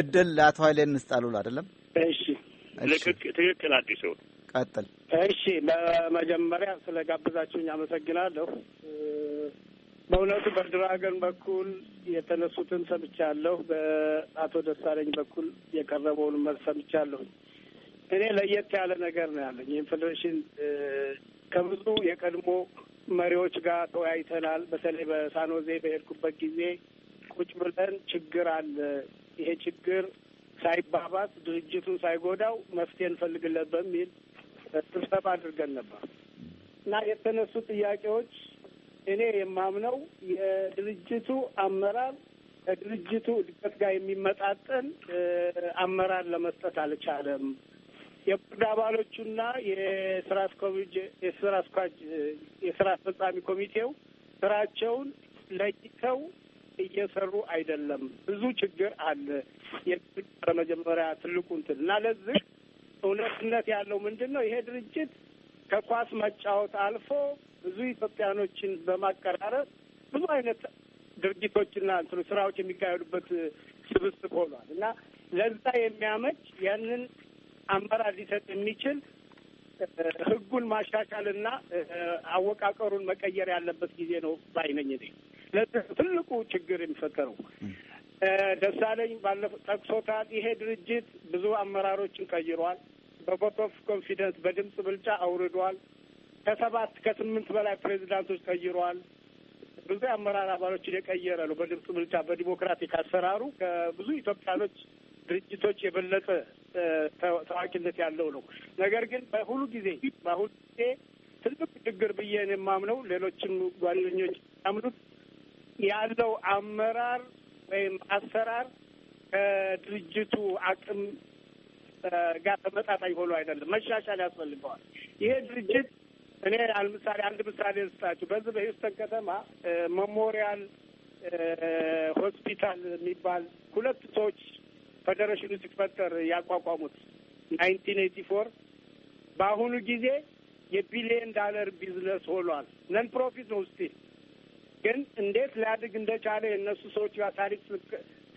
እድል ለአቶ ኃይሌ እንስጣሉል አይደለም? እሺ ትክክል። አዲሱ ቀጥል። እሺ በመጀመሪያ ስለ ጋብዛችሁኝ አመሰግናለሁ። በእውነቱ በድራገን በኩል የተነሱትን ሰምቻለሁ። በአቶ ደሳለኝ በኩል የቀረበውን መልስ ሰምቻለሁ። እኔ ለየት ያለ ነገር ነው ያለኝ። ኢንፌዴሬሽን ከብዙ የቀድሞ መሪዎች ጋር ተወያይተናል። በተለይ በሳኖዜ በሄድኩበት ጊዜ ቁጭ ብለን ችግር አለ ይሄ ችግር ሳይባባስ ድርጅቱን ሳይጎዳው መፍትሄ እንፈልግለት በሚል ስብሰባ አድርገን ነበር እና የተነሱ ጥያቄዎች እኔ የማምነው የድርጅቱ አመራር ከድርጅቱ እድገት ጋር የሚመጣጠን አመራር ለመስጠት አልቻለም። የቦርድ አባሎቹና የስራ የስራ አስኳጅ የስራ አስፈጻሚ ኮሚቴው ስራቸውን ለይተው እየሰሩ አይደለም። ብዙ ችግር አለ። የመጀመሪያ ትልቁ እንትን እና ለዚህ እውነትነት ያለው ምንድን ነው ይሄ ድርጅት ከኳስ መጫወት አልፎ ብዙ ኢትዮጵያኖችን በማቀራረብ ብዙ አይነት ድርጊቶችና እንትኑ ስራዎች የሚካሄዱበት ስብስብ ሆኗል እና ለዛ የሚያመች ያንን አመራር ሊሰጥ የሚችል ህጉን ማሻሻልና አወቃቀሩን መቀየር ያለበት ጊዜ ነው ባይነኝ። ለዚህ ትልቁ ችግር የሚፈጠረው ደሳለኝ ባለፈው ጠቅሶታል። ይሄ ድርጅት ብዙ አመራሮችን ቀይሯል። በቮት ኦፍ ኮንፊደንስ በድምፅ ብልጫ አውርዷል። ከሰባት ከስምንት በላይ ፕሬዚዳንቶች ቀይሯል። ብዙ የአመራር አባሎችን የቀየረ ነው። በድምፅ ብልጫ በዲሞክራቲክ አሰራሩ ከብዙ ኢትዮጵያኖች ድርጅቶች የበለጠ ታዋቂነት ያለው ነው። ነገር ግን በሁሉ ጊዜ በሁሉ ጊዜ ትልቅ ችግር ብዬን የማምነው ሌሎችም ጓደኞች ያምኑት ያለው አመራር ወይም አሰራር ከድርጅቱ አቅም ጋር ተመጣጣኝ ሆኖ አይደለም። መሻሻል ያስፈልገዋል። ይሄ ድርጅት እኔ ምሳሌ አንድ ምሳሌ ስታችሁ በዚህ በሂውስተን ከተማ ሜሞሪያል ሆስፒታል የሚባል ሁለት ሰዎች ፌዴሬሽኑ ሲፈጠር ያቋቋሙት ናይንቲን ኤቲ ፎር በአሁኑ ጊዜ የቢሊየን ዳለር ቢዝነስ ሆኗል። ነን ፕሮፊት ነው ስቲል ግን እንዴት ሊያድግ እንደቻለ የእነሱ ሰዎች ታሪክ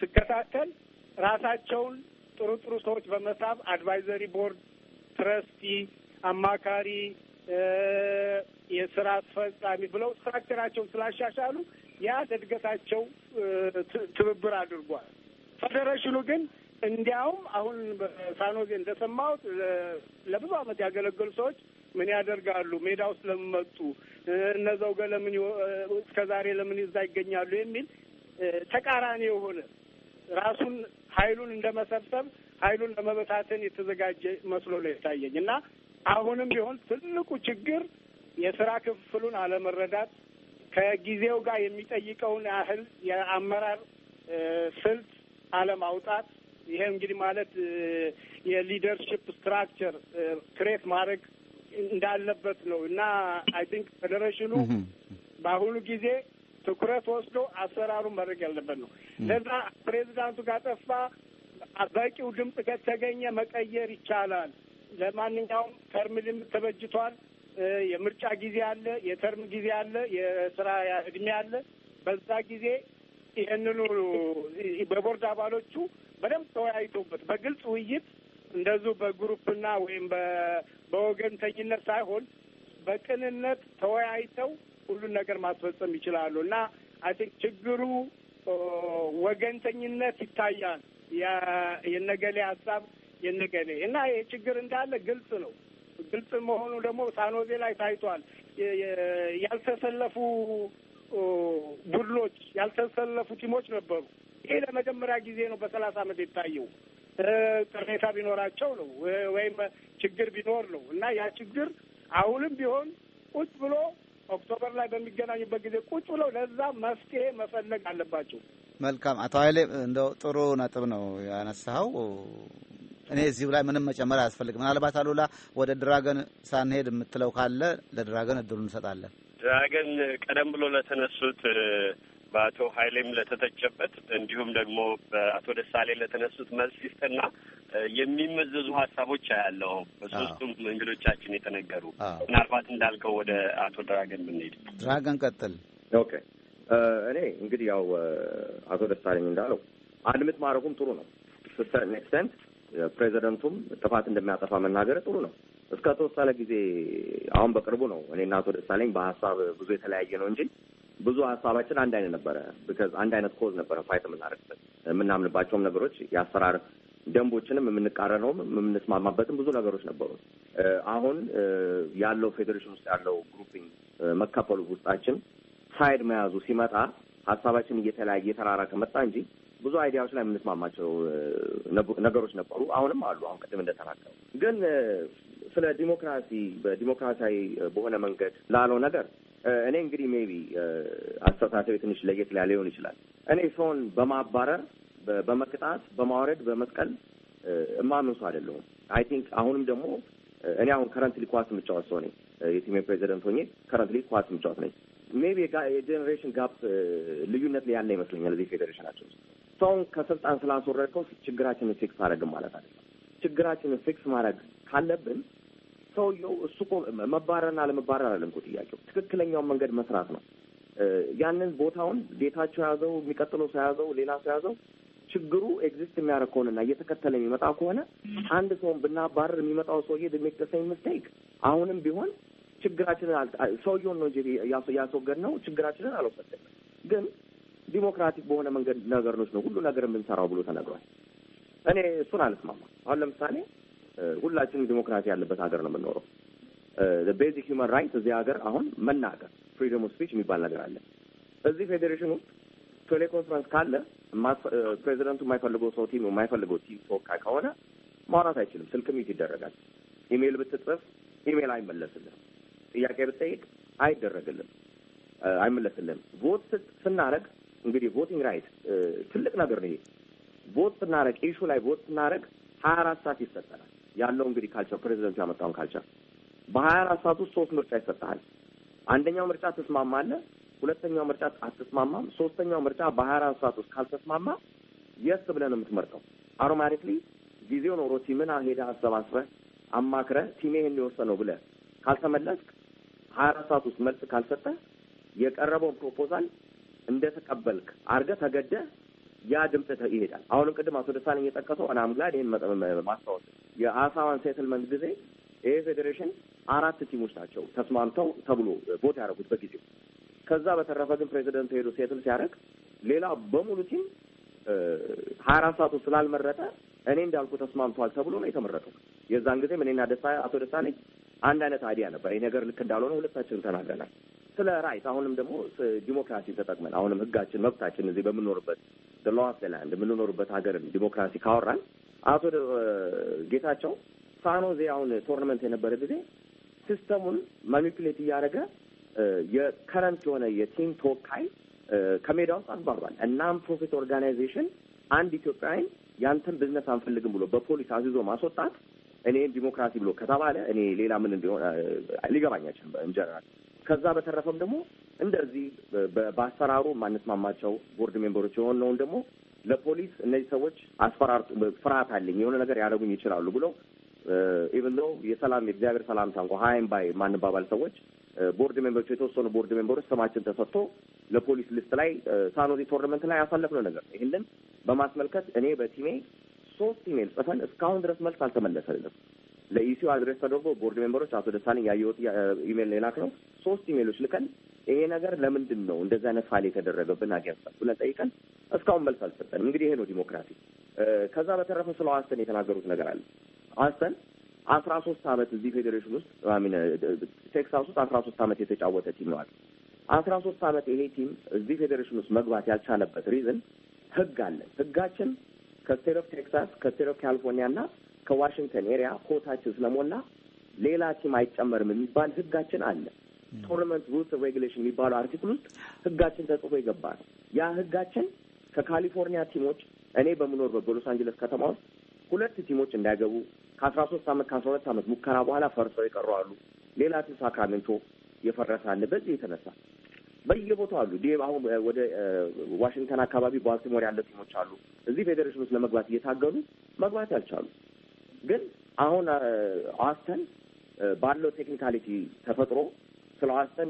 ስከታተል ራሳቸውን ጥሩ ጥሩ ሰዎች በመሳብ አድቫይዘሪ ቦርድ፣ ትረስቲ፣ አማካሪ፣ የስራ አስፈጻሚ ብለው ስትራክቸራቸውን ስላሻሻሉ ያ ለእድገታቸው ትብብር አድርጓል። ፌዴሬሽኑ ግን እንዲያውም አሁን ሳኖዜ እንደሰማሁት ለብዙ ዓመት ያገለገሉ ሰዎች ምን ያደርጋሉ? ሜዳ ውስጥ ለምን መጡ? ገ ለምን እስከ ዛሬ ለምን ይዛ ይገኛሉ? የሚል ተቃራኒ የሆነ ራሱን ኃይሉን እንደ መሰብሰብ ኃይሉን ለመበታተን የተዘጋጀ መስሎ ነው የታየኝ እና አሁንም ቢሆን ትልቁ ችግር የስራ ክፍፍሉን አለመረዳት ከጊዜው ጋር የሚጠይቀውን ያህል የአመራር ስልት አለማውጣት። ይሄ እንግዲህ ማለት የሊደርሽፕ ስትራክቸር ክሬት ማድረግ እንዳለበት ነው እና አይ ቲንክ ፌዴሬሽኑ በአሁኑ ጊዜ ትኩረት ወስዶ አሰራሩን ማድረግ ያለበት ነው። ለዛ ፕሬዚዳንቱ ካጠፋ በቂው ድምፅ ከተገኘ መቀየር ይቻላል። ለማንኛውም ተርም ልምት ተበጅቷል። የምርጫ ጊዜ አለ፣ የተርም ጊዜ አለ፣ የስራ እድሜ አለ። በዛ ጊዜ ይህንኑ በቦርድ አባሎቹ በደንብ ተወያይቶበት በግልጽ ውይይት እንደዙ በግሩፕና ወይም በወገንተኝነት ሳይሆን በቅንነት ተወያይተው ሁሉን ነገር ማስፈጸም ይችላሉ እና አይ ቲንክ ችግሩ ወገንተኝነት ይታያል። የነገሌ ሀሳብ የነገሌ እና ይህ ችግር እንዳለ ግልጽ ነው። ግልጽ መሆኑ ደግሞ ሳኖዜ ላይ ታይቷል። ያልተሰለፉ ቡድኖች፣ ያልተሰለፉ ቲሞች ነበሩ። ይሄ ለመጀመሪያ ጊዜ ነው በሰላሳ አመት የታየው ቅሬታ ቢኖራቸው ነው ወይም ችግር ቢኖር ነው እና ያ ችግር አሁንም ቢሆን ቁጭ ብሎ ኦክቶበር ላይ በሚገናኙበት ጊዜ ቁጭ ብለው ለዛ መፍትሄ መፈለግ አለባቸው። መልካም አቶ ኃይሌ እንደው ጥሩ ነጥብ ነው ያነሳኸው። እኔ እዚሁ ላይ ምንም መጨመር አያስፈልግም። ምናልባት አሉላ ወደ ድራገን ሳንሄድ የምትለው ካለ ለድራገን እድሉ እንሰጣለን። ድራገን ቀደም ብሎ ለተነሱት በአቶ ኃይሌም ለተተቸበት እንዲሁም ደግሞ በአቶ ደሳሌ ለተነሱት መልስ ሲስጥና የሚመዘዙ ሀሳቦች አያለው በሶስቱም እንግዶቻችን የተነገሩ ምናልባት እንዳልከው ወደ አቶ ድራገን ብንሄድ፣ ድራገን ቀጥል። ኦኬ እኔ እንግዲህ ያው አቶ ደሳለኝ እንዳለው አድምት ማድረጉም ጥሩ ነው። ኤክስተንት ፕሬዚደንቱም ጥፋት እንደሚያጠፋ መናገር ጥሩ ነው እስከ ተወሰነ ጊዜ። አሁን በቅርቡ ነው እኔና አቶ ደሳለኝ በሀሳብ ብዙ የተለያየ ነው እንጂ ብዙ ሀሳባችን አንድ አይነት ነበረ። ብከዝ አንድ አይነት ኮዝ ነበረ ፋይት የምናደርግበት የምናምንባቸውም ነገሮች የአሰራር ደንቦችንም የምንቃረነውም የምንስማማበትም ብዙ ነገሮች ነበሩ። አሁን ያለው ፌዴሬሽን ውስጥ ያለው ግሩፒንግ መከፈሉ ውስጣችን ሳይድ መያዙ ሲመጣ ሀሳባችን እየተለያየ እየተራራ መጣ እንጂ ብዙ አይዲያዎች ላይ የምንስማማቸው ነገሮች ነበሩ። አሁንም አሉ። አሁን ቅድም እንደተናገሩ ግን ስለ ዲሞክራሲ በዲሞክራሲያዊ በሆነ መንገድ ላለው ነገር እኔ እንግዲህ ሜቢ አስተሳሰቤ ትንሽ ለየት ላ ሊሆን ይችላል። እኔ ሰውን በማባረር በመቅጣት በማውረድ በመስቀል እማምን ሰው አይደለሁም። አይ ቲንክ አሁንም ደግሞ እኔ አሁን ከረንትሊ ኳስ የምጫወት ሰው ነኝ። የቲሜ ፕሬዚደንት ሆኜ ከረንትሊ ኳስ የምጫወት ነኝ። ሜቢ የጄኔሬሽን ጋፕ ልዩነት ላይ ያለ ይመስለኛል። እዚህ ፌዴሬሽናቸው ውስጥ ሰውን ከስልጣን ስላስወረድከው ችግራችንን ፊክስ አደረግን ማለት አይደለም። ችግራችንን ፊክስ ማድረግ ካለብን ሰውየው እሱ እኮ መባረርና አለመባረር አለም እኮ ጥያቄው ትክክለኛውን መንገድ መስራት ነው። ያንን ቦታውን ጌታቸው የያዘው የሚቀጥለው ሰው ያዘው ሌላ ሰው ያዘው ችግሩ ኤግዚስት የሚያደርግ ከሆነና እየተከተለ የሚመጣ ከሆነ አንድ ሰውን ብናባረር የሚመጣው ሰውዬ ድሜቅሰኝ ምስቴክ አሁንም ቢሆን ችግራችንን ሰውየውን ነው እንጂ ያስወገድ ነው ችግራችንን አልወሰደንም። ግን ዲሞክራቲክ በሆነ መንገድ ነገሮች ነው ሁሉ ነገር የምንሰራው ብሎ ተነግሯል። እኔ እሱን አልስማማ። አሁን ለምሳሌ ሁላችንም ዲሞክራሲ ያለበት ሀገር ነው የምንኖረው። ቤዚክ ሂውማን ራይት እዚህ ሀገር አሁን መናገር ፍሪደም ኦፍ ስፒች የሚባል ነገር አለ። እዚህ ፌዴሬሽን ውስጥ ቴሌኮንፈረንስ ካለ ፕሬዚደንቱ የማይፈልገው ሰው ቲም የማይፈልገው ቲም ተወካይ ከሆነ ማውራት አይችልም። ስልክ ሚት ይደረጋል። ኢሜይል ብትጽፍ ኢሜይል አይመለስልም። ጥያቄ ብትጠይቅ አይደረግልም፣ አይመለስልም። ቮት ስናደረግ እንግዲህ ቮቲንግ ራይት ትልቅ ነገር ነው ይሄ። ቮት ስናደረግ ኢሹ ላይ ቮት ስናደረግ ሀያ አራት ሰዓት ይሰጠናል። ያለው እንግዲህ ካልቸር ፕሬዚደንቱ ያመጣውን ካልቸር በሀያ አራት ሰዓት ውስጥ ሶስት ምርጫ ይሰጠሃል። አንደኛው ምርጫ ትስማማለህ፣ ሁለተኛው ምርጫ አትስማማም፣ ሶስተኛው ምርጫ በሀያ አራት ሰዓት ውስጥ ካልተስማማ የስ ብለን የምትመርጠው አውቶማቲክሊ ጊዜው ኖሮ ቲምን ሄደ አሰባስበህ አማክረህ ቲሜ ይሄን የወሰነው ብለህ ካልተመለስክ ሀያ አራት ሰዓት ውስጥ መልስ ካልሰጠህ የቀረበውን ፕሮፖዛል እንደተቀበልክ አድርገህ ተገደህ ያ ድምጽ ይሄዳል። አሁንም ቅድም አቶ ደሳለኝ የጠቀሰው አናም ይህን ማስታወስ የአሳዋን ሴትልመንት ጊዜ ይሄ ፌዴሬሽን አራት ቲሞች ናቸው ተስማምተው ተብሎ ቦት ያደረጉት በጊዜው። ከዛ በተረፈ ግን ፕሬዚደንት ሄዶ ሴትል ሲያደርግ ሌላ በሙሉ ቲም ሀያ አራት ሰዓቱ ስላልመረጠ እኔ እንዳልኩ ተስማምተዋል ተብሎ ነው የተመረጠው። የዛን ጊዜ እኔና ደስታ አቶ ደሳለኝ አንድ አይነት አይዲያ ነበር። ይህ ነገር ልክ እንዳልሆነ ሁለታችንም ተናግረናል። ስለ ራይት አሁንም ደግሞ ዲሞክራሲ ተጠቅመን አሁንም ህጋችን መብታችን እዚህ በምንኖርበት ሎ ላንድ የምንኖርበት ሀገርን ዲሞክራሲ ካወራን አቶ ጌታቸው ሳኖዜ አሁን ቶርናመንት የነበረ ጊዜ ሲስተሙን ማኒፕሌት እያደረገ የከረንት የሆነ የቲም ተወካይ ከሜዳ ውስጥ አስባሯል። እናም ፕሮፊት ኦርጋናይዜሽን አንድ ኢትዮጵያዊን ያንተን ብዝነስ አንፈልግም ብሎ በፖሊስ አዝዞ ማስወጣት እኔም ዲሞክራሲ ብሎ ከተባለ እኔ ሌላ ምን እንዲሆን ሊገባኛችን እንጀራል። ከዛ በተረፈም ደግሞ እንደዚህ በአሰራሩ ማንስማማቸው ቦርድ ሜምበሮች የሆነውን ደግሞ ለፖሊስ እነዚህ ሰዎች አስፈራርጡ ፍርሃት አለኝ የሆነ ነገር ያደረጉኝ ይችላሉ ብሎ ኢቨን ዶ የሰላም የእግዚአብሔር ሰላምታ እንኳ ሀይም ባይ ማንባባል ሰዎች ቦርድ ሜምበሮች የተወሰኑ ቦርድ ሜምበሮች ስማችን ተሰጥቶ ለፖሊስ ልስት ላይ ሳኖዚ ቶርናመንት ላይ ያሳለፍነው ነገር ይህንን በማስመልከት እኔ በቲሜ ሶስት ኢሜል ጽፈን እስካሁን ድረስ መልስ አልተመለሰልንም። ለኢሲዩ አድሬስ ተደርጎ ቦርድ ሜምበሮች አቶ ደሳለኝ ያየሁት ኢሜል ሌላክ ነው። ሶስት ኢሜሎች ልከን ይሄ ነገር ለምንድን ነው እንደዚህ አይነት ፋል የተደረገብን ነው ብለን ጠይቀን እስካሁን መልስ አልሰጠን። እንግዲህ ይሄ ነው ዲሞክራሲ። ከዛ በተረፈ ስለ ዋስተን የተናገሩት ነገር አለ። አስተን አስራ ሶስት አመት እዚህ ፌዴሬሽን ውስጥ ሚን ቴክሳስ ውስጥ አስራ ሶስት አመት የተጫወተ ቲም አለ። አስራ ሶስት አመት ይሄ ቲም እዚህ ፌዴሬሽን ውስጥ መግባት ያልቻለበት ሪዝን ህግ አለ። ህጋችን ከስቴት ኦፍ ቴክሳስ ከስቴት ኦፍ ካሊፎርኒያና ከዋሽንግተን ኤሪያ ኮታችን ስለሞላ ሌላ ቲም አይጨመርም የሚባል ህጋችን አለ። ቶርናመንት ሩልስ ሬጉሌሽን የሚባለው አርቲክል ውስጥ ህጋችን ተጽፎ የገባ ነው። ያ ህጋችን ከካሊፎርኒያ ቲሞች እኔ በምኖርበት በሎስ አንጀለስ ከተማ ውስጥ ሁለት ቲሞች እንዳይገቡ ከአስራ ሶስት አመት ከአስራ ሁለት አመት ሙከራ በኋላ ፈርሰው የቀሩ አሉ። ሌላ ቲም ሳክራሜንቶ የፈረሰ አለ። በዚህ የተነሳ በየቦታው አሉ። ዲም አሁን ወደ ዋሽንግተን አካባቢ ባልቲሞር ያለ ቲሞች አሉ። እዚህ ፌዴሬሽን ውስጥ ለመግባት እየታገሉ መግባት ያልቻሉ ግን አሁን አስተን ባለው ቴክኒካሊቲ ተፈጥሮ ስለዋሰን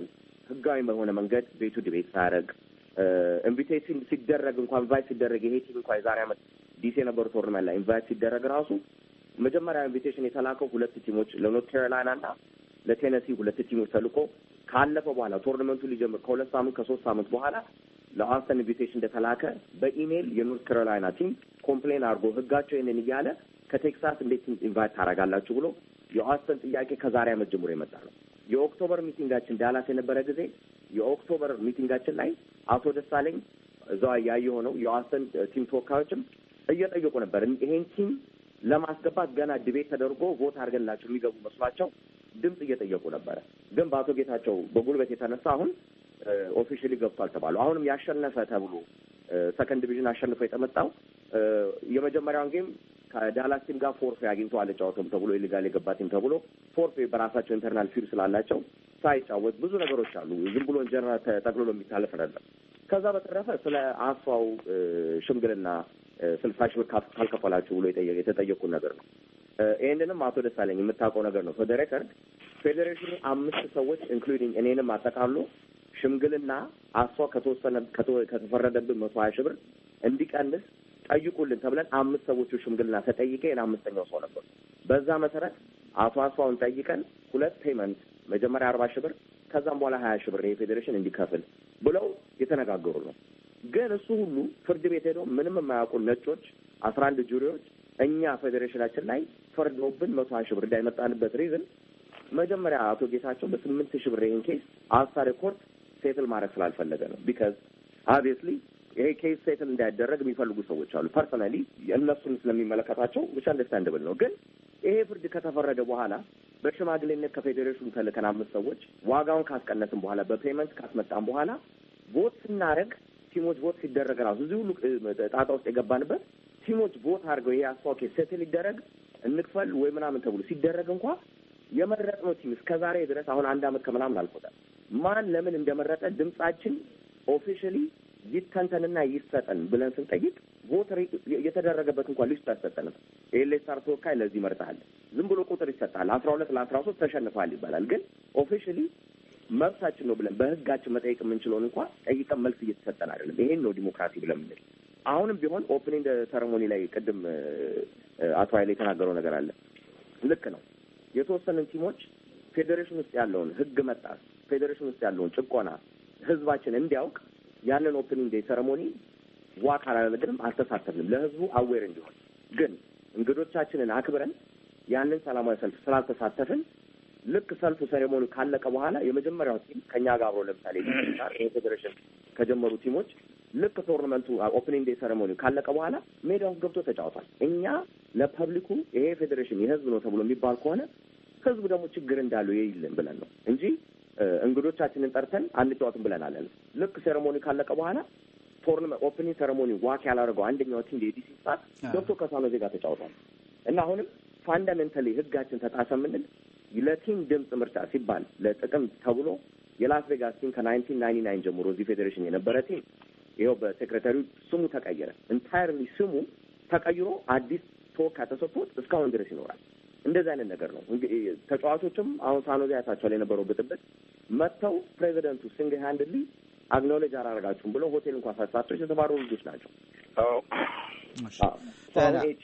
ህጋዊ በሆነ መንገድ ቤቱ ዲቤት ሳያደርግ ኢንቪቴሽን ሲደረግ እንኳ ኢንቫይት ሲደረግ ይሄ ቲም እንኳ የዛሬ ዓመት ዲሲ የነበሩ ቶርናመንት ላይ ኢንቫይት ሲደረግ ራሱ መጀመሪያ ኢንቪቴሽን የተላከው ሁለት ቲሞች ለኖርት ካሮላይና እና ለቴነሲ ሁለት ቲሞች ተልኮ ካለፈ በኋላ ቶርናመንቱ ሊጀምር ከሁለት ሳምንት ከሶስት ሳምንት በኋላ ለዋስተን ኢንቪቴሽን እንደተላከ በኢሜይል የኖርት ካሮላይና ቲም ኮምፕሌን አድርጎ ህጋቸው ይህንን እያለ ከቴክሳስ እንዴት ኢንቫይት ታደርጋላችሁ ብሎ የዋስተን ጥያቄ ከዛሬ ዓመት ጀምሮ የመጣ ነው። የኦክቶበር ሚቲንጋችን ዳላስ የነበረ ጊዜ የኦክቶበር ሚቲንጋችን ላይ አቶ ደሳለኝ እዛ ያየ ሆነው የዋሰን ቲም ተወካዮችም እየጠየቁ ነበር። ይሄን ቲም ለማስገባት ገና ዲቤት ተደርጎ ቮት አድርገንላቸው የሚገቡ መስሏቸው ድምፅ እየጠየቁ ነበረ። ግን በአቶ ጌታቸው በጉልበት የተነሳ አሁን ኦፊሻሊ ገብቷል ተባሉ። አሁንም ያሸነፈ ተብሎ ሰከንድ ዲቪዥን አሸንፎ የተመጣው የመጀመሪያውን ጌም ከዳላስ ጋር ፎርፌ አግኝቶ አልጫወትም ተብሎ ኢሊጋል የገባ ቲም ተብሎ ፎርፌ በራሳቸው ኢንተርናል ፊር ስላላቸው ሳይጫወት ብዙ ነገሮች አሉ። ዝም ብሎ ጀነራል ተጠቅልሎ የሚታለፍ አይደለም። ከዛ በተረፈ ስለ አስፋው ሽምግልና ስልሳ ሺህ ብር ካልከፈላችሁ ብሎ የተጠየቁን ነገር ነው። ይህንንም አቶ ደሳለኝ የምታውቀው ነገር ነው። ፎር ዘ ሬከርድ ፌዴሬሽኑ አምስት ሰዎች ኢንክሉዲንግ እኔንም አጠቃሉ ሽምግልና አስፋው ከተወሰነ ከተፈረደብን መቶ ሀያ ሺህ ብር እንዲቀንስ ጠይቁልን ተብለን አምስት ሰዎች ሽምግልና ተጠይቄ አምስተኛው ሰው ነበር። በዛ መሰረት አቶ አስፋውን ጠይቀን ሁለት ፔመንት መጀመሪያ አርባ ሺህ ብር ከዛም በኋላ ሀያ ሺህ ብር የፌዴሬሽን እንዲከፍል ብለው የተነጋገሩ ነው። ግን እሱ ሁሉ ፍርድ ቤት ሄደው ምንም የማያውቁ ነጮች አስራ አንድ ጁሪዎች እኛ ፌዴሬሽናችን ላይ ፈርደውብን መቶ ሀያ ሺህ ብር እንዳይመጣንበት ሪዝን መጀመሪያ አቶ ጌታቸው በስምንት ሺህ ብር ይህን ኬስ አስታ ሪኮርድ ሴትል ማድረግ ስላልፈለገ ነው ቢካዝ ኦብቪየስሊ ይሄ ኬስ ሴትል እንዳይደረግ የሚፈልጉ ሰዎች አሉ። ፐርሰናሊ እነሱን ስለሚመለከታቸው ብቻ አንደርስታንድብል ነው። ግን ይሄ ፍርድ ከተፈረደ በኋላ በሽማግሌነት ከፌዴሬሽኑ ተልከን አምስት ሰዎች ዋጋውን ካስቀነስን በኋላ በፔመንት ካስመጣን በኋላ ቮት ስናደረግ ቲሞች ቮት ሲደረግ ራሱ እዚህ ሁሉ ጣጣ ውስጥ የገባንበት ቲሞች ቮት አድርገው ይሄ አስታዋቂ ሴትል ይደረግ እንክፈል ወይ ምናምን ተብሎ ሲደረግ እንኳ የመረጥ ነው ቲም እስከ ዛሬ ድረስ አሁን አንድ አመት ከምናምን አልፎታል። ማን ለምን እንደመረጠ ድምጻችን ኦፊሻሊ ይተንተንና ይሰጠን ብለን ስንጠይቅ ቮት የተደረገበት እንኳን ሊስቱ አይሰጠንም። ኤሌስታር ተወካይ ለዚህ መርጠሃል፣ ዝም ብሎ ቁጥር ይሰጣል። አስራ ሁለት ለአስራ ሶስት ተሸንፈሃል ይባላል። ግን ኦፊሻሊ መብታችን ነው ብለን በህጋችን መጠየቅ የምንችለውን እንኳን ጠይቀን መልስ እየተሰጠን አይደለም። ይሄን ነው ዲሞክራሲ ብለን ምንል። አሁንም ቢሆን ኦፕኒንግ ሰረሞኒ ላይ ቅድም አቶ ኃይሌ የተናገረው ነገር አለ። ልክ ነው። የተወሰንን ቲሞች ፌዴሬሽን ውስጥ ያለውን ህግ መጣስ፣ ፌዴሬሽን ውስጥ ያለውን ጭቆና ህዝባችን እንዲያውቅ ያንን ኦፕኒንግ ዴይ ሰረሞኒ ዋካ አላደረግንም፣ አልተሳተፍንም። ለህዝቡ አዌር እንዲሆን ግን እንግዶቻችንን አክብረን ያንን ሰላማዊ ሰልፍ ስላልተሳተፍን ልክ ሰልፉ ሰሬሞኒ ካለቀ በኋላ የመጀመሪያው ቲም ከእኛ ጋር አብሮ ለምሳሌ ፌዴሬሽን ከጀመሩ ቲሞች ልክ ቶርናመንቱ ኦፕኒንግ ዴይ ሰሬሞኒ ካለቀ በኋላ ሜዳ ውስጥ ገብቶ ተጫውቷል። እኛ ለፐብሊኩ ይሄ ፌዴሬሽን የህዝብ ነው ተብሎ የሚባል ከሆነ ህዝቡ ደግሞ ችግር እንዳለው የይልን ብለን ነው እንጂ እንግዶቻችንን ጠርተን አንጫወትም ብለናለን። ልክ ሴሬሞኒ ካለቀ በኋላ ቶርን ኦፕኒንግ ሴሬሞኒ ዋክ ያላደርገው አንደኛው ቲም የዲሲ ስታት ዶክተር ከሳኖዜ ዜጋ ተጫውቷል እና አሁንም ፋንዳሜንታሊ ህጋችን ተጣሰ የምንል ለቲም ድምፅ ምርጫ ሲባል ለጥቅም ተብሎ የላስ ቬጋስ ቲም ከናይንቲን ናይንቲ ናይን ጀምሮ እዚህ ፌዴሬሽን የነበረ ቲም ይኸው በሴክሬታሪው ስሙ ተቀየረ። ኢንታይርሊ ስሙ ተቀይሮ አዲስ ቶክ ተሰጥቶት እስካሁን ድረስ ይኖራል። እንደዚህ አይነት ነገር ነው። ተጫዋቾችም አሁን ሳኖዚ ያሳቸዋል የነበረው ብጥብጥ መጥተው ፕሬዚደንቱ ሲንግል ሃንድሊ አግኖሌጅ አላረጋችሁም ብለው ሆቴል እንኳ ሳሳቸው የተባሩ ልጆች ናቸው።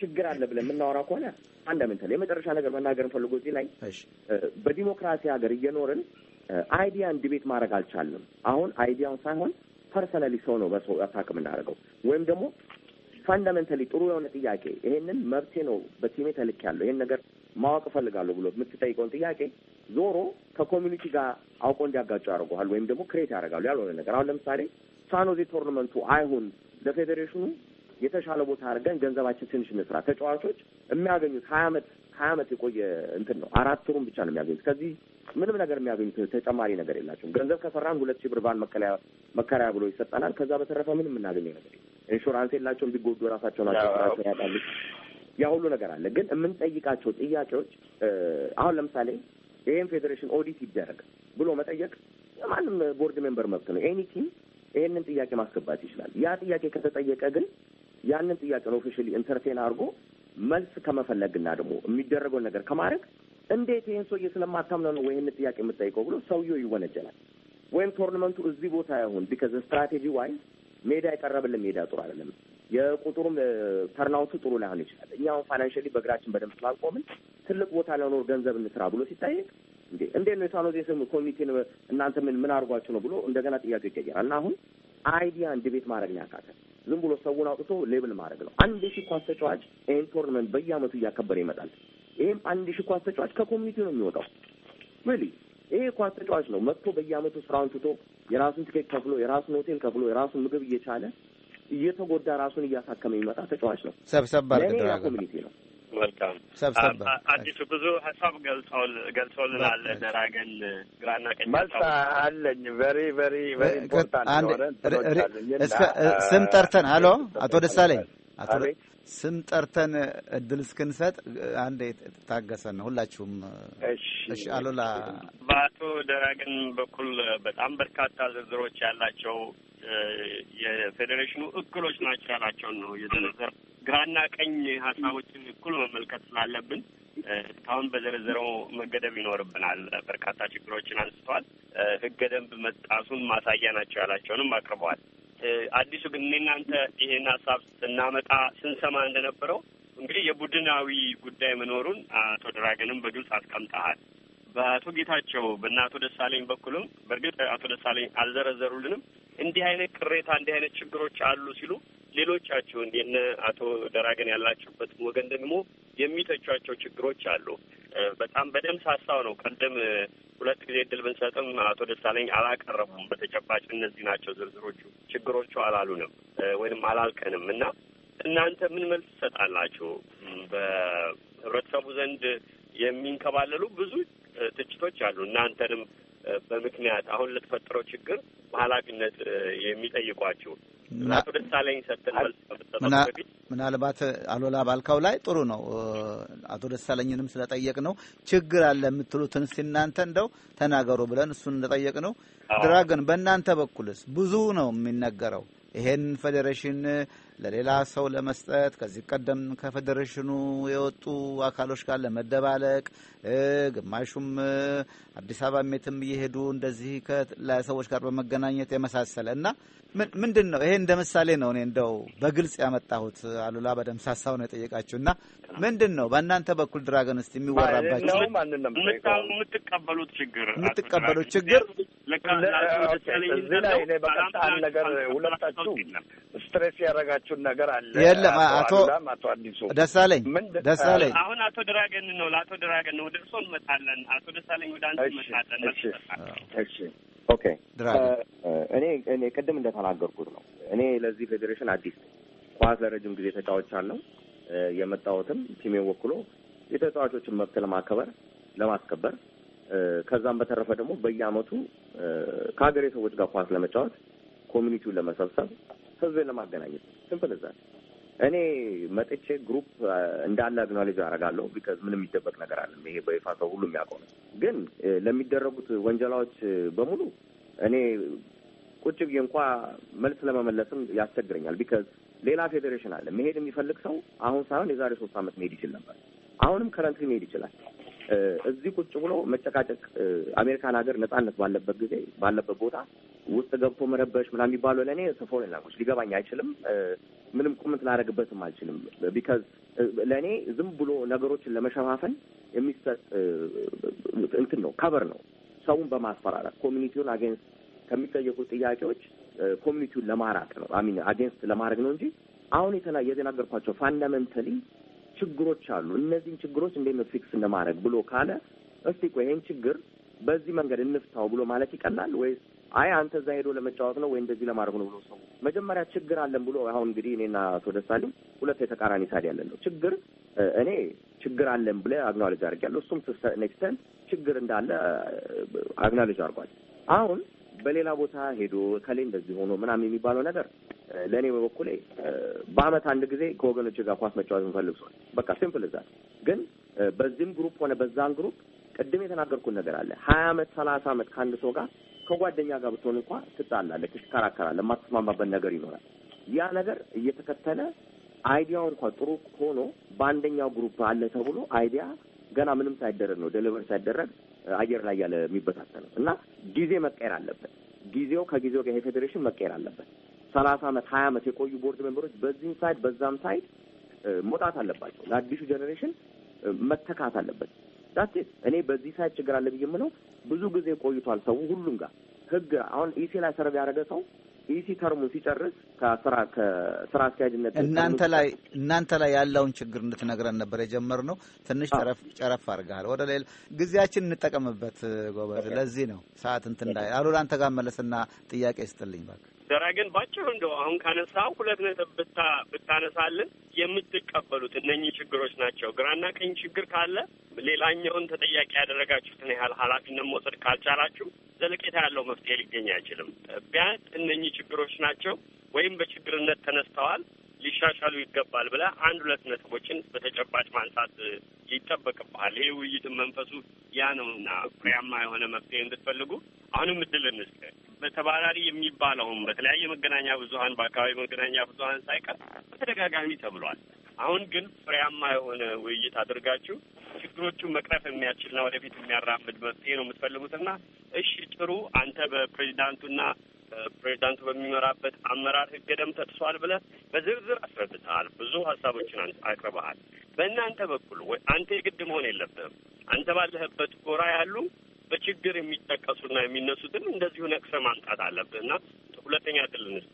ችግር አለ ብለን የምናወራ ከሆነ አንዳምንታል የመጨረሻ ነገር መናገር እንፈልጎ እዚህ ላይ በዲሞክራሲ ሀገር እየኖርን አይዲያን ዲቤት ማድረግ አልቻልንም። አሁን አይዲያውን ሳይሆን ፐርሰናሊ ሰው ነው በሰው አታክ እናደርገው ወይም ደግሞ ፋንዳመንታሊ ጥሩ የሆነ ጥያቄ ይሄንን መብቴ ነው በቲሜ ተልክ ያለው ይሄን ነገር ማወቅ እፈልጋለሁ ብሎ የምትጠይቀውን ጥያቄ ዞሮ ከኮሚኒቲ ጋር አውቆ እንዲያጋጩ ያደርገዋል፣ ወይም ደግሞ ክሬት ያደርጋሉ ያልሆነ ነገር። አሁን ለምሳሌ ሳኖዜ ቶርናመንቱ አይሁን ለፌዴሬሽኑ የተሻለ ቦታ አድርገን ገንዘባችን ትንሽ እንስራ። ተጫዋቾች የሚያገኙት ሀያ አመት ሀያ አመት የቆየ እንትን ነው። አራት ሩም ብቻ ነው የሚያገኙት። ከዚህ ምንም ነገር የሚያገኙት ተጨማሪ ነገር የላቸውም። ገንዘብ ከሰራን ሁለት ሺህ ብር ባል መከለያ መከራያ ብሎ ይሰጠናል። ከዛ በተረፈ ምንም የምናገኘው ነገር ኢንሹራንስ የላቸውም። ቢጎዱ ራሳቸው ናቸው ራቸው ያጣሉ። ያ ሁሉ ነገር አለ። ግን የምንጠይቃቸው ጥያቄዎች አሁን ለምሳሌ ይህም ፌዴሬሽን ኦዲት ይደረግ ብሎ መጠየቅ ማንም ቦርድ ሜምበር መብት ነው። ኤኒ ቲም ይህንን ጥያቄ ማስገባት ይችላል። ያ ጥያቄ ከተጠየቀ ግን ያንን ጥያቄ ነው ኦፊሻሊ ኢንተርቴን አድርጎ መልስ ከመፈለግና ደግሞ የሚደረገውን ነገር ከማድረግ እንዴት ይህን ሰውዬ ስለማታምነው ነው ይህን ጥያቄ የምጠይቀው ብሎ ሰውየው ይወነጀላል። ወይም ቶርናመንቱ እዚህ ቦታ አይሁን ቢካዝ ስትራቴጂ ዋይዝ ሜዳ የቀረብልን ሜዳ ጥሩ አይደለም። የቁጥሩም ተርናውቱ ጥሩ ላይሆን ይችላል። እኛ አሁን ፋይናንሽሊ በእግራችን በደንብ ስላልቆምን ትልቅ ቦታ ለኖር ገንዘብ እንስራ ብሎ ሲጠየቅ እንዴ እንዴ ነው የሳኖዜ ስም ኮሚቴን እናንተ ምን ምን አድርጓችሁ ነው ብሎ እንደገና ጥያቄ ይቀየራል እና አሁን አይዲያ እንዲቤት ማድረግ ነው ዝም ብሎ ሰውን አውጥቶ ሌብል ማድረግ ነው። አንድ ሺ ኳስ ተጫዋች ይህን ቶርናመንት በየአመቱ እያከበረ ይመጣል። ይህም አንድ ሺ ኳስ ተጫዋች ከኮሚቴ ነው የሚወጣው። ሪሊ ይሄ ኳስ ተጫዋች ነው መጥቶ በየአመቱ ስራውን ትቶ የራሱን ትኬት ከፍሎ የራሱን ሆቴል ከፍሎ የራሱን ምግብ እየቻለ እየተጎዳ ራሱን እያሳከመ የሚመጣ ተጫዋች ነው። ሰብሰብ አድርገህ ኮሚኒቲ ነው። መልካም ሰብሰብ አዲሱ ብዙ ሀሳብ ገልጸውል ደራገን ግራና ቀኝ አለኝ ቨሪ ቨሪ ቨሪ ኢምፖርታንት ስም ጠርተን አሎ አቶ ደሳለኝ አቶ ስም ጠርተን እድል እስክንሰጥ አንድ ታገሰን ነው ሁላችሁም። እሺ አሉላ በአቶ ደራግን በኩል በጣም በርካታ ዝርዝሮች ያላቸው የፌዴሬሽኑ እክሎች ናቸው ያላቸውን ነው የዘነዘር ግራና ቀኝ ሀሳቦችን እኩል መመልከት ስላለብን እስካሁን በዘረዘረው መገደብ ይኖርብናል። በርካታ ችግሮችን አንስተዋል። ህገ ደንብ መጣሱን ማሳያ ናቸው ያላቸውንም አቅርበዋል። አዲሱ ግን እናንተ ይሄን ሀሳብ ስናመጣ ስንሰማ እንደነበረው እንግዲህ የቡድናዊ ጉዳይ መኖሩን አቶ ደራገንም በግልጽ አስቀምጠሃል። በአቶ ጌታቸው በእነ አቶ ደሳለኝ በኩልም በእርግጥ አቶ ደሳለኝ አልዘረዘሩልንም እንዲህ አይነት ቅሬታ እንዲህ አይነት ችግሮች አሉ ሲሉ ሌሎቻቸው የነ አቶ ደራገን ያላችሁበት ወገን ደግሞ የሚተቿቸው ችግሮች አሉ። በጣም በደም ሳሳው ነው። ቀደም ሁለት ጊዜ እድል ብንሰጥም አቶ ደሳለኝ አላቀረቡም። በተጨባጭ እነዚህ ናቸው ዝርዝሮቹ ችግሮቹ አላሉንም ወይንም አላልከንም እና እናንተ ምን መልስ ትሰጣላችሁ? በህብረተሰቡ ዘንድ የሚንከባለሉ ብዙ ትችቶች አሉ። እናንተንም በምክንያት አሁን ለተፈጠረው ችግር በኃላፊነት የሚጠይቋችሁ ላቶ ደሳለኝ መልስ በፊት ምናልባት አሎላ ባልካው ላይ ጥሩ ነው። አቶ ደሳለኝንም ስለጠየቅ ነው ችግር አለ የምትሉትን እናንተ እንደው ተናገሩ ብለን እሱን እንደጠየቅ ነው። ድራግን በእናንተ በኩልስ ብዙ ነው የሚነገረው ይሄን ፌዴሬሽን ለሌላ ሰው ለመስጠት ከዚህ ቀደም ከፌዴሬሽኑ የወጡ አካሎች ጋር ለመደባለቅ ግማሹም አዲስ አበባ ሜትም እየሄዱ እንደዚህ ከሰዎች ጋር በመገናኘት የመሳሰለ እና ምንድን ነው ይሄ እንደ ምሳሌ ነው። እኔ እንደው በግልጽ ያመጣሁት አሉላ በደምሳሳው ነው የጠየቃችሁ እና ምንድን ነው በእናንተ በኩል ድራገን ውስጥ የሚወራባቸው የምትቀበሉት ችግር የምትቀበሉት ችግር ላይ ነገር ሁለታችሁ ስትሬስ ያረጋ ያላችሁን ነገር አለ። የለም አቶ አቶ አዲሱ ደሳለኝ ደሳለኝ አሁን አቶ ድራገን ነው ለአቶ ድራገን ነው ወደ እርሶ እንመጣለን። አቶ ደሳለኝ ወደ አንተ እንመጣለን። እሺ፣ እሺ ኦኬ እኔ እኔ ቅድም እንደተናገርኩት ነው። እኔ ለዚህ ፌዴሬሽን አዲስ ኳስ ለረጅም ጊዜ ተጫውቻለሁ። የመጣሁትም ቲሜን ወክሎ የተጫዋቾችን መብት ለማከበር ለማስከበር ከዛም በተረፈ ደግሞ በየአመቱ ከሀገሬ ሰዎች ጋር ኳስ ለመጫወት ኮሚኒቲውን ለመሰብሰብ ህዝብን ለማገናኘት ስንፍል ዛ እኔ መጥቼ ግሩፕ uh, እንዳለ አግኖሌጅ አደርጋለሁ። ቢካዝ ምንም የሚደበቅ ነገር አለ። ይሄ በይፋ ሰው ሁሉ የሚያውቀው ነው። ግን uh, ለሚደረጉት ወንጀላዎች uh, በሙሉ እኔ ቁጭ ብዬ እንኳ መልስ ለመመለስም ያስቸግረኛል። ቢካዝ ሌላ ፌዴሬሽን አለ። መሄድ የሚፈልግ ሰው አሁን ሳይሆን የዛሬ ሶስት አመት መሄድ ይችል ነበር። አሁንም ከረንትሊ መሄድ ይችላል። እዚህ ቁጭ ብሎ መጨቃጨቅ አሜሪካን ሀገር ነጻነት ባለበት ጊዜ ባለበት ቦታ ውስጥ ገብቶ መረበሽ ምናምን የሚባለው ለእኔ ፎሬን ላንጉጅ ሊገባኝ አይችልም። ምንም ቁምት ላደረግበትም አልችልም። ቢካዝ ለእኔ ዝም ብሎ ነገሮችን ለመሸፋፈን የሚሰጥ እንትን ነው፣ ከበር ነው። ሰውን በማስፈራራት ኮሚኒቲውን አጌንስት ከሚጠየቁት ጥያቄዎች ኮሚኒቲውን ለማራቅ ነው፣ አሚን አጌንስት ለማድረግ ነው እንጂ አሁን የተናገርኳቸው ፋንዳመንታሊ ችግሮች አሉ። እነዚህን ችግሮች እንዴት ነው ፊክስ እንደማድረግ ብሎ ካለ እስቲ ቆይ ይሄን ችግር በዚህ መንገድ እንፍታው ብሎ ማለት ይቀላል ወይስ አይ አንተ እዛ ሄዶ ለመጫወት ነው ወይ እንደዚህ ለማድረግ ነው ብሎ ሰው መጀመሪያ ችግር አለን ብሎ አሁን እንግዲህ እኔና አቶ ደሳሌ ሁለት የተቃራኒ ሳድ ያለን ነው ችግር እኔ ችግር አለን ብለ አግናውሌጅ አድርጌያለሁ። እሱም ኔክስተን ችግር እንዳለ አግናውሌጅ አድርጓል። አሁን በሌላ ቦታ ሄዶ ከሌ እንደዚህ ሆኖ ምናምን የሚባለው ነገር ለእኔ በበኩሌ በአመት አንድ ጊዜ ከወገኖች ጋር ኳስ መጫወት እንፈልግ ሰሆን በቃ ሲምፕል እዛ ግን በዚህም ግሩፕ ሆነ በዛን ግሩፕ ቅድም የተናገርኩን ነገር አለ ሀያ አመት ሰላሳ አመት ከአንድ ሰው ጋር ከጓደኛ ጋር ብትሆን እንኳ ትጣላለ፣ ትከራከራለህ፣ የማትስማማበት ነገር ይኖራል። ያ ነገር እየተከተለ አይዲያው እንኳ ጥሩ ሆኖ በአንደኛው ግሩፕ አለ ተብሎ አይዲያ ገና ምንም ሳይደረግ ነው ደሊቨር ሳይደረግ አየር ላይ ያለ የሚበታተነው እና ጊዜ መቀየር አለበት። ጊዜው ከጊዜው ጋር የፌዴሬሽን መቀየር አለበት። ሰላሳ አመት ሀያ አመት የቆዩ ቦርድ ሜምበሮች በዚህም ሳይድ በዛም ሳይድ መውጣት አለባቸው። ለአዲሱ ጀኔሬሽን መተካት አለበት። ዳት እኔ በዚህ ሳይድ ችግር አለ ብዬ የምለው ብዙ ጊዜ ቆይቷል ሰው ሁሉም ጋር ህግ አሁን ኢሲ ላይ ሰርብ ያደረገ ሰው ኢሲ ተርሙን ሲጨርስ ከስራ ከስራ አስኪያጅነት እናንተ ላይ እናንተ ላይ ያለውን ችግር እንድትነግረን ነበር የጀመርነው። ትንሽ ጨረፍ ጨረፍ አድርገሃል። ወደ ሌላ ጊዜያችን እንጠቀምበት ጎበዝ። ለዚህ ነው ሰዓት እንትን እንዳይ አሉ። ለአንተ ጋር መለስና ጥያቄ ስጥልኝ እባክህ። ደራ ግን ባጭሩ እንደው አሁን ካነሳ ሁለት ነጥብ ብታ ብታነሳልን የምትቀበሉት እነኚህ ችግሮች ናቸው። ግራና ቀኝ ችግር ካለ ሌላኛውን ተጠያቂ ያደረጋችሁትን ያህል ኃላፊነት መውሰድ ካልቻላችሁ ዘለቄታ ያለው መፍትሄ ሊገኝ አይችልም። ቢያንስ እነኚህ ችግሮች ናቸው ወይም በችግርነት ተነስተዋል ሊሻሻሉ ይገባል ብለ አንድ ሁለት ነጥቦችን በተጨባጭ ማንሳት ይጠበቅብሃል። ይህ ውይይትን መንፈሱ ያ ነውና ፍሬያማ የሆነ መፍትሄ እንድትፈልጉ አሁንም እድል እንስጥ። በተባራሪ የሚባለውም በተለያየ መገናኛ ብዙሀን በአካባቢ መገናኛ ብዙሀን ሳይቀር በተደጋጋሚ ተብሏል። አሁን ግን ፍሬያማ የሆነ ውይይት አድርጋችሁ ችግሮቹን መቅረፍ የሚያስችልና ወደፊት የሚያራምድ መፍትሄ ነው የምትፈልጉትና እሺ፣ ጥሩ አንተ በፕሬዚዳንቱና ፕሬዚዳንቱ በሚመራበት አመራር ህገ ደም ተጥሷል ብለህ በዝርዝር አስረድተሃል። ብዙ ሀሳቦችን አቅርበሃል። በእናንተ በኩል አንተ የግድ መሆን የለብህም። አንተ ባለህበት ጎራ ያሉ በችግር የሚጠቀሱና የሚነሱትን እንደዚሁ ነቅሰ ማምጣት አለብህ እና ሁለተኛ ድል እንስጥ